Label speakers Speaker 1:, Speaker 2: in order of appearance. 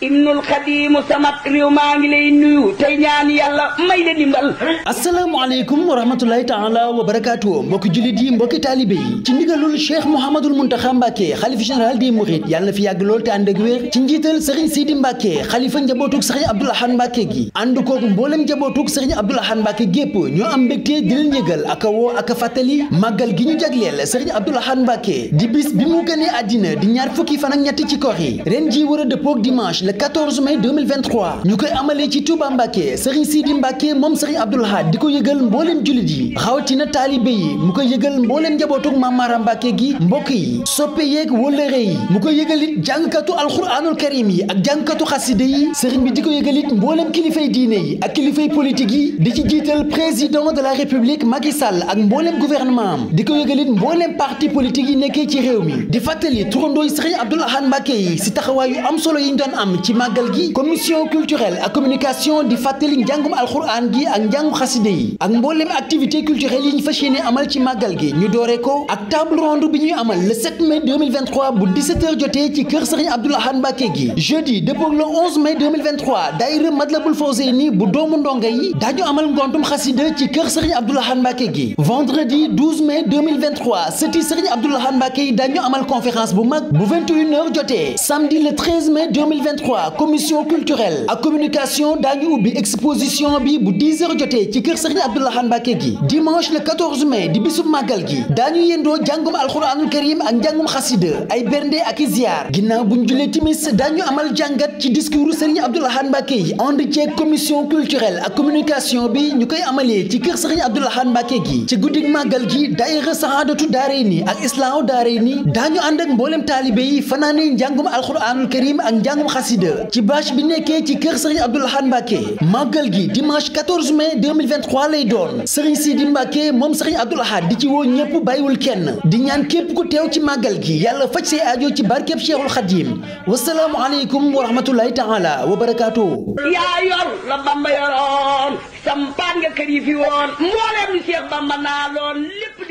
Speaker 1: ibnul xadiimu sama réew maa ngi lay nuyu tey ñaan yàlla may leen ndimbal asalaamaaleykum wa rahmatulahi taala wa barakaatu mbokki jullit yi mbokki taalibe yi ci ndigalul cheikh mouhamadul muntaxa mbàkke xalifa général des mourides yàlla fi yàgg lool te ànd ak wér ci njiital sëriñ sidi mbàkke xalifa njabootug sëriñ abdul ahad mbàkke gi ànd kook mboolem njabootug sëriñ abdul ahad mbàkke gépp ñoo am mbégte di leen yëgal a woo ak fàttali màggal gi ñu jagleel sëriñ abdul ahad mbàkke di bis bi mu gënee àddina di ñaar fukki fan ak ñetti ci koor yi ren ji war a dëppoog dimanche Xaadim Mbàkke moom Serigne Abdoul Ahad di ko yëgal mbooleem jullit yi rawatina taalibe yi mu ko yëgal mbooleem njabootug Maam Mara Mbàkke gi mbokk yi soppe yeeg wóllëre yi mu ko yëgal it jàngkatu alxuraanul karim yi ak jàngkatu xaside yi sëriñ bi di ko yëgal it mbooleem kilifay diine yi ak kilifay politique yi di ci jiital président de la république Macky ak mbooleem gouvernement am di ko yëgal it mbooleem parti politique yi nekkee ci réew mi di fàttali turandooy Serigne Abdoul Ahad Mbàkke yi yi ñu doon am gi commission culturelle ak communication di fàttali alxuraan gi ak njàngu xaside yi ak mboolem activité culturelle yi ñu fas yéene amal ci màggal gi ñu dooree ko ak table ronde bi ñuy amal le mai bu 17h jotee ci kër Serigne Abdoul Ahad gi jeudi dëppoog le mai 2023 daayira Matlabul Fawzeyni bu doomu ndongo yi daañu amal ngontum xaside ci kër Serigne Abdoul Ahad gi vendredi mai sëti Serigne Abdoul Ahad yi daañu amal conférence bu mag bu 21h jotee samedi le mai commission culturelle émission bi bu 10 jotee ci kër Serigne Abdou Lahad Mbacké gi dimanche le 14 mai di bisub màggal gi daañu yendoo njàngum alxuraanul karim ak njàngum xasida ay bernde ak i ziar ginnaaw buñ julee timis daañu amal jàngat ci discours Serigne Abdou Lahad Mbacké yi ànd ceeg commission culturelle ak communication bi ñu koy amalee ci kër Serigne Abdou Lahad Mbacké gi ci guddig màggal gi daayira Sahaadatu Daarayni ak Islaahu Daarayni daañu ànd ak mboolem taalibe yi fanaane njàngum alxuraanul karim ak njàngum xasida ci bâche bi nekkee ci kër Serigne Abdou Lahad Mbacké màggal gi dimanche 14 mai 2023 lay doon Serigne Sidi Mbacke moom Serigne Abdoul Ahad di ci woo ñëpp bàyyiwul kenn di ñaan képp ku teew ci màggal gi yàlla faj say aajo ci barkeb Cheikhul Khadim wasalaamu aleykum wa rahmatullahi taala wa barakaatu. yaa yor la Bamba yoroon sampaan nga kër yi fi woon mbooleem Cheikh Bamba naa loon